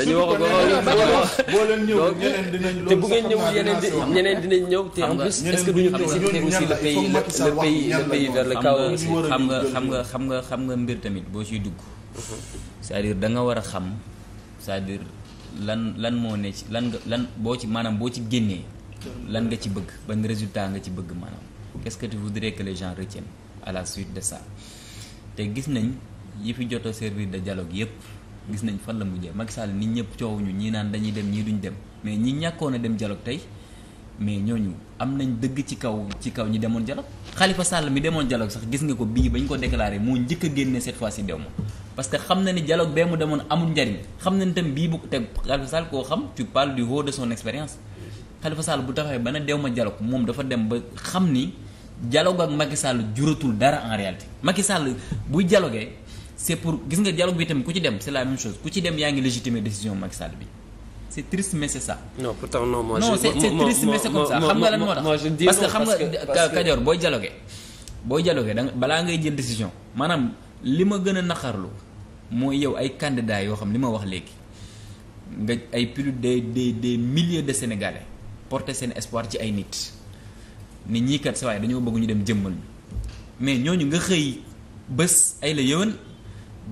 dañu wax boo leen ñëw ñeneen dinañ loolu te bu ngeen ñëw yeneen ñeneen dinañ ñëw te en plus est-ce que duñu précipiter aussi le pays nga xam nga xam nga xam nga mbir tamit boo ciy dugg c'est-à-dire da nga war a xam cest à lan lan moo ne ci lan nga lan boo ci maanaam boo ci génnee lan nga ci bëgg nga résultat nga ci bëgg maanaam qu'est-ce que tu voudrais que les gens à la suite de ça te gis nañ yi fi joto service de dialogue yépp gis nañ fan la mujjee Macky Sall nit ñëpp ñu ñii naan dañuy dem ñii duñ dem mais ñi ñàkkoon a dem dialogue tey mais ñooñu am nañ dëgg ci kaw ci kaw ñi demoon dialogue xalifa sàll mi demoon dialogue sax gis nga ko bii bañ ko déclaré moo njëkk a génne cette fois ci dew ma parce que xam na ni dialogue bee mu demoon amul njariñ xam na ni tam bii bu teg Khalifa Sall koo xam tu parles du haut de son expérience Khalifa Sall bu taxawee ba ne dew ma dialogue moom dafa dem ba xam ni dialogue ak Macky Sall juratul dara en réalité Macky Sall buy c'est pour gis nga dialogue bi tamit ku ci dem c'est la même chose ku ci dem yaa ngi légitimer décision Macky Sall bi c'est triste mais c'est ça. non pourtant nga booy dialogué booy balaa ngay jël décision maanaam li ma gën a naqarlu mooy yow ay candidats yoo xam li ma wax léegi nga ay plus des des des milliers de sénégalais porter seen espoir ci ay nit nit ñii kat sa waaye dañoo bëgg ñu dem jëmmal mais ñooñu nga xëy bés ay la yëwan.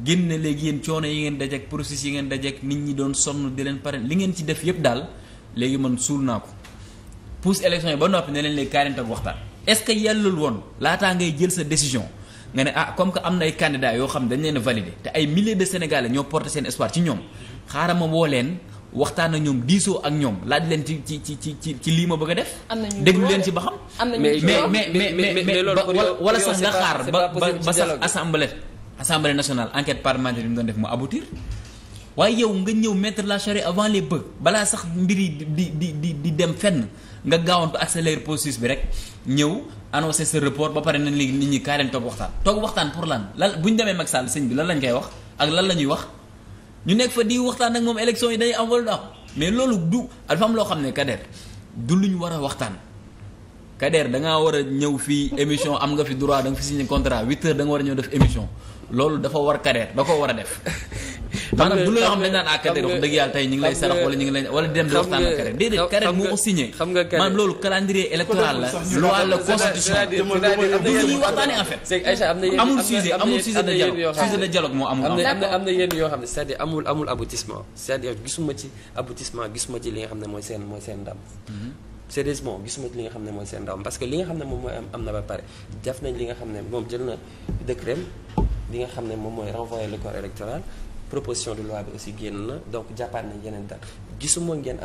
génn léegi yéen coono yi ngeen dajeek processus yi ngeen dajeek nit ñi doon sonn di leen pare li ngeen ci def yëpp daal léegi man suul naa ko pousse élection yi ba noppi ne leen léegi kaay leen toog waxtaan. est-ce woon laataa ngay jël sa décision nga ne ah comme que am na ay candidats yoo xam dañ leen a validé te ay milliers de sénégalais ñoo porté seen espoir ci ñoom xaaral ma woo leen waxtaan ak ñoom diisoo ak ñoom laaj leen ci ci ci ci ci lii ma bëgg a def. am na ñu déglu leen ci ba xam. am na ñu mais mais mais mais mais wala assemblée nationale enquête parlementaire bi mu doon def mu aboutir waaye yow nga ñëw mettre la charrue avant les bœufs balaa sax mbir di di di di dem fenn nga gaawantu accélérer processus bi rek ñëw annoncé ce report ba pare na léegi nit ñi kaay leen toog waxtaan. toog waxtaan pour lan lan bu ñu demee mag Sall sëñ bi lan lañ koy wax ak lan la ñuy wax ñu nekk fa di waxtaan ak moom élection yi dañuy am wala du am mais loolu du dafa am loo xam ne Kader du lu ñu war a waxtaan. Kader da ngaa war a ñëw fii émission am nga fi droit da nga fi signé contrat 8 def émission. loolu dafa war carrière da war a def. maanaam du loo xam ne dañ naan ah carrière wax dëgg yàlla tey ñu ngi lay sarax wala ñu ngi lay wala di dem waxtaan la loi la constitution du am ne c'est-à-dire amul amul aboutissement c'est-à-dire gisuma li nga xam ne mooy seen mooy seen ndam mhm. sérieusement gisuma ci li nga xam ne mooy seen ndam parce que li nga xam ne moom mooy am am na ba pare def nañ li nga xam ne moom jël na décret li nga xam ne moom mooy renvoyé le corps électoral proposition de loi bi aussi génn na donc jàppaat nañ yeneen date gisuma ngeen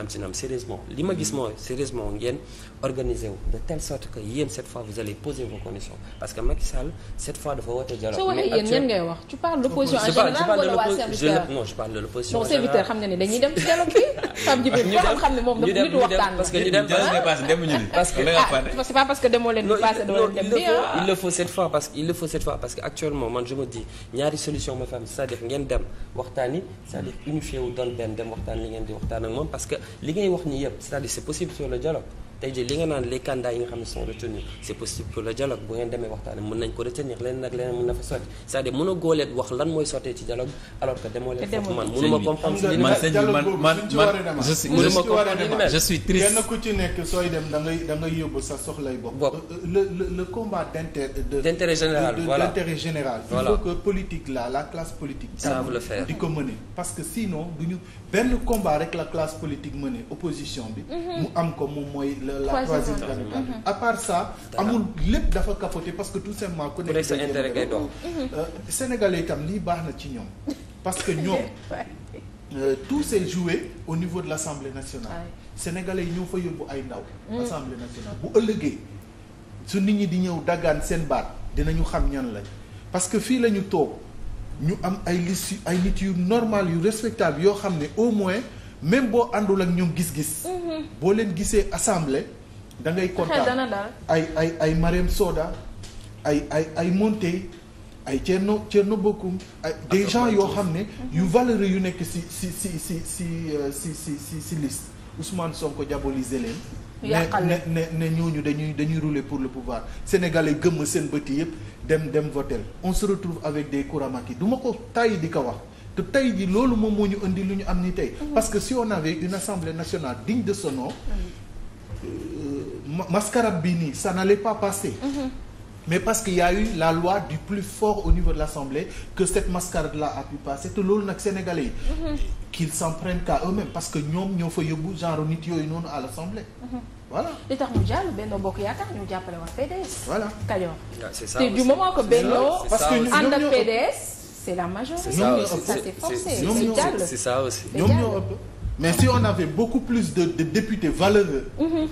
am ci nam sérieusement li ma gis mm-hmm. mooy sérieusement ngeen organiser wu de telle sorte que yéen cette fois vous allez poser vos conditions parce que Macky cette fois dafa woote dialogue. soo waxee ngay wax tu parles de l'opposition en général non je parle de l'opposition. donc serviteur xam na ne dañuy dem ci dialogue bi. Pape Djibril borom xam ne moom dafa nit waxtaan parce que ñu dem parce que ah c'est pas parce que demoo di ah. je me dis ñaari solution ma waxtaan li ngeen di waxtaan ak parce que li ngay wax ni yëpp c'est-à-dire c'est possible sur le dialogue tey jii li nga naan les candidats c' est possible que le dialogue bu ngeen demee waxtaane mën ko ci nekk sooy dem da ngay yóbbu sa soxlay bopp euh, euh, le le combat d' inter général voilà général politique là la classe politique savent di ko mëne parce que sinon duñu benn combat rek la classe politique mëne opposition bi mhm. mu am ko moom mooy la troisième mhm. à part ça amul lépp dafa capoté parce que tout simplement ku nekk sa intérêt ngay dox euh, sénégalais itam lii baax na ci ñoom parce que ñoom euh, tout s'est joué au niveau de l'Assemblée nationale sénégalais yi ñoo fa yóbbu ay ndaw mm. Assemblée nationale bu ëllëgee su nit ñi di ñëw daggaan seen baat dinañu xam ñan lañ parce que fii la ñu toog ñu am ay liste ay nit yu normal yu respectable yoo xam ne au moins même boo àndul ak ñoom gis-gis. Mhm. boo leen gisee assemblée. da ngay kontaan ay ay ay Marème sooda ay ay ay Montey ay Thierno Thierno Bocoum ay ah, des gens yoo xam ne. Mhm. yu valeureux yu nekk si si si si si euh, si si si si liste Ousmane Sonko diabolisé leen. yàqal ne ne ñooñu dañuy dañuy rouler pour le pouvoir sénégalais gëmm seen bët yëpp dem dem votel on se retrouve avec des Kouramaki du duma ko tàyyi di ko wax. te tey ji loolu moom moo ñu indi lu ñu am ni tey mhm. parce que si on avait une assemblée nationale digne de ce nom euh, mascarade bii nii ça n'allait pas passer mhm. mais parce que y a eu la loi du plus fort au niveau de l'Assemblée que cette mascarade là a pu passer te loolu nag sénégalais yi mhm. s'en prennent qu'à eux-mêmes parce que ñoom ñoo fa yóbbu genre nit yooyu noonu à l'Assemblée voilà li tax mu jàll Benno Bokk Yaakaar ñu jàppale wax PDS voilà Kajoor que c'est la majorité. C'est aussi. ñoom ñoo ëpp mais si on avait beaucoup plus de, de députés valeureux. Mm-hmm, mm-hmm,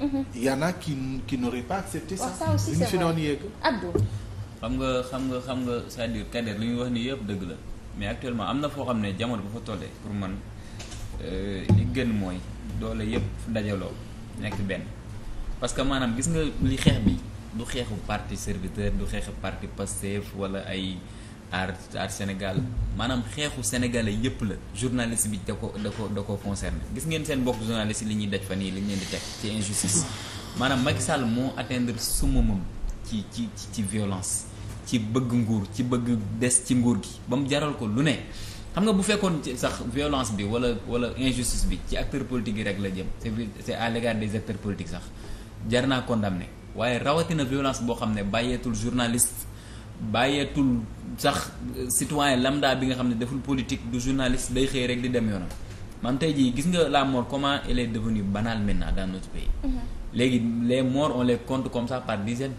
mm-hmm. il mm -hmm, mm a pas accepté ça. Oh, ça aussi c'est vrai Abdou. xam nga xam nga xam nga sa à dire lu ñu wax nii yëpp dëgg la mais actuellement am na foo xam ne jamono bu fa tollee pour man euh, li gën mooy doole yëpp dajaloo nekk benn parce que maanaam gis nga li xeex bi du xeexu parti serviteur du xeexu parti Pastef wala ay. aar aar Sénégal maanaam xeexu sénégalais yëpp la journaliste bi da ko da ko da ko concerné gis ngeen seen bokk journaliste li ñuy daj fan yii li ñu leen di teg ci injustice maanaam Macky Sall moo atteindre summum ci ci ci violence ci bëgg nguur ci bëgg des ci nguur gi ba mu jaral ko lu ne xam nga bu fekkoon sax violence bi wala wala injustice bi ci acteur politiques gi rek la jëm c'est c'est à l'égard des acteurs politiques sax jar naa condamné waaye rawatina violence boo xam ne bàyyeetul journaliste bàyyeetul sax citoyen lambda bi nga xam ne deful politique du journaliste day xëy rek di dem yoonam maam tey jii gis nga la mort comment elle est banaal banale maintenant dans notre pays. Mhm. léegi les morts on les compte comme ça par dizaine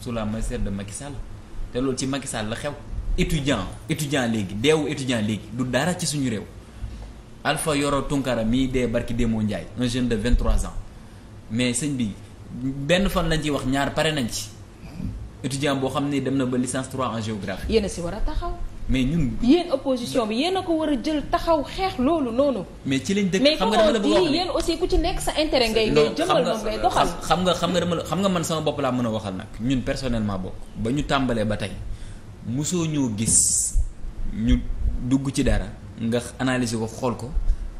sous la magistère de Macky Sall te loolu ci Macky Sall la xew étudiant étudiant léegi deewu étudiant léegi du dara ci suñu réew Alpha Yoro Tunkara mii dee barki Démo Ndiaye un jeune de 23 ans mais sëñ bi benn fan lañ ciy wax ñaar pare nañ ci. étudiant boo xam ne dem na ba licence 3 en géographie. yéen a si war a taxaw. mais ñun. yéen opposition bi yéen a ko war a jël taxaw xeex loolu noonu. mais ci lañ dëkk xam nga dama la a wax mais aussi ku ci nekk sa intérêt ngay ngay jëmal moom ngay xam nga xam nga dama la xam man sama bopp laa mën a waxal nag ñun personnellement bokk ba ñu tàmbalee ba tey musoo ñoo gis ñu dugg ci dara nga analyser ko xool ko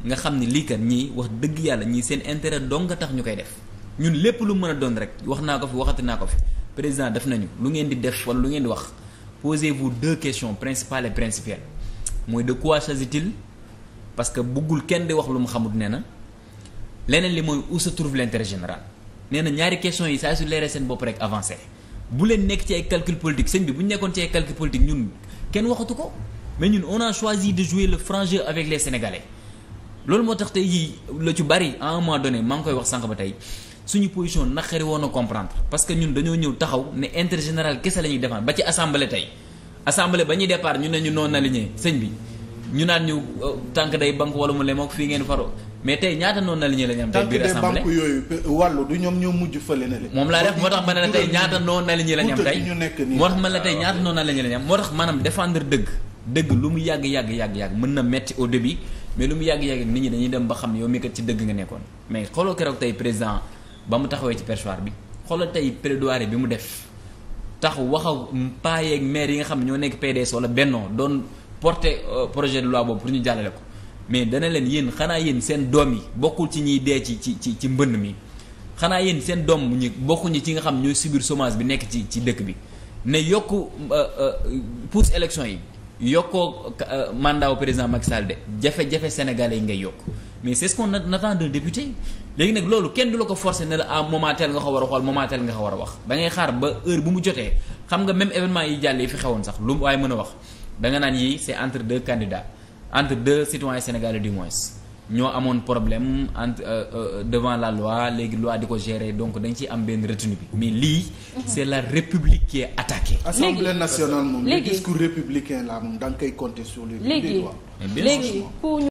nga xam ni lii kat ñii wax dëgg yàlla ñii seen intérêt dong nga tax ñu koy def ñun lépp lu mën a doon rek wax naa ko fi waxati naa ko fi président def nañu lu ngeen di def wala lu ngeen di wax posez-vous deux questions principales et principielles mooy de quoi s'agit-il parce que buggul kenn di wax lu mu xamut nee na leneen li mooy où se trouve l'intérêt général nee na ñaari questions yi saa su leeree seen bopp rek avancé bu leen nekk ci ay calcul politique sëñ bi bu ñu nekkoon ci ay calcul politique ñun kenn waxatu ko mais ñun on a choisi de jouer le franc jeu avec les sénégalais loolu moo tax tey jii la ci bari à un moment donné maa ngi koy wax sànq ba tey. suñu position naqari woon a comprendre parce que ñun dañoo ñëw taxaw ne intérêt général kese la ñuy ba ci assemblée tey assemblée ba ñuy départ ñu ne ñu non aligné sëñ bi ñu naan ñu euh, tànk day banque wala mu le mook fii ngeen faro mais tey ñaata noon aligné la ñu am tey biir assemblée tànk day banque moo tax ma la tey ñaata non aligné la ñu am tey moo tax ma la tey ñaata non aligné la moo tax maanaam défendre dëgg dëgg lu mu yàgg yàgg yàgg yàgg mën na metti au début mais lu mu yàgg-yàgg nit ñi dem ba xam yow mi kat ci dëgg nga mais président ba mu taxawee ci perchoir bi xoolal tey plaidoirie bi mu def tax waxaw a paayeeg maire yi nga xam ne ñoo nekk PDS wala Benno doon porter euh, projet de loi boobu pour ñu jàllale ko mais dana leen yéen xanaa yéen seen doom yi bokkul ci ñuy dee ci ci ci ci mbënn mi xanaa yéen seen doom ñi bokkuñu ci nga xam ñooy subir chômage bi nekk ci ci dëkk bi ne yokk euh, euh, pousse élection yi yokkoo mandat wu président Macky Sall de jafe-jafe sénégalais yi ngay yokk mais c'est ce qu'on attend député léegi nag loolu kenn du la ko forcer ne la à ah, nga ko war a xool moment tel nga ko war a wax da ngay xaar ba heure bu mu jotee xam nga même événement yi jàll fi xewoon sax lu waaye mën a wax da naan yii c'est entre deux candidats entre deux citoyens sénégalais du moins ñoo amoon problème entre euh, euh, devant la loi léegi loi di ko gérer donc dañ ci am benn retenue bi mais lii. Mhm. c'est la république qui est attaquée. assemblée nationale moom. léegi discours républicain la da nga koy compter sur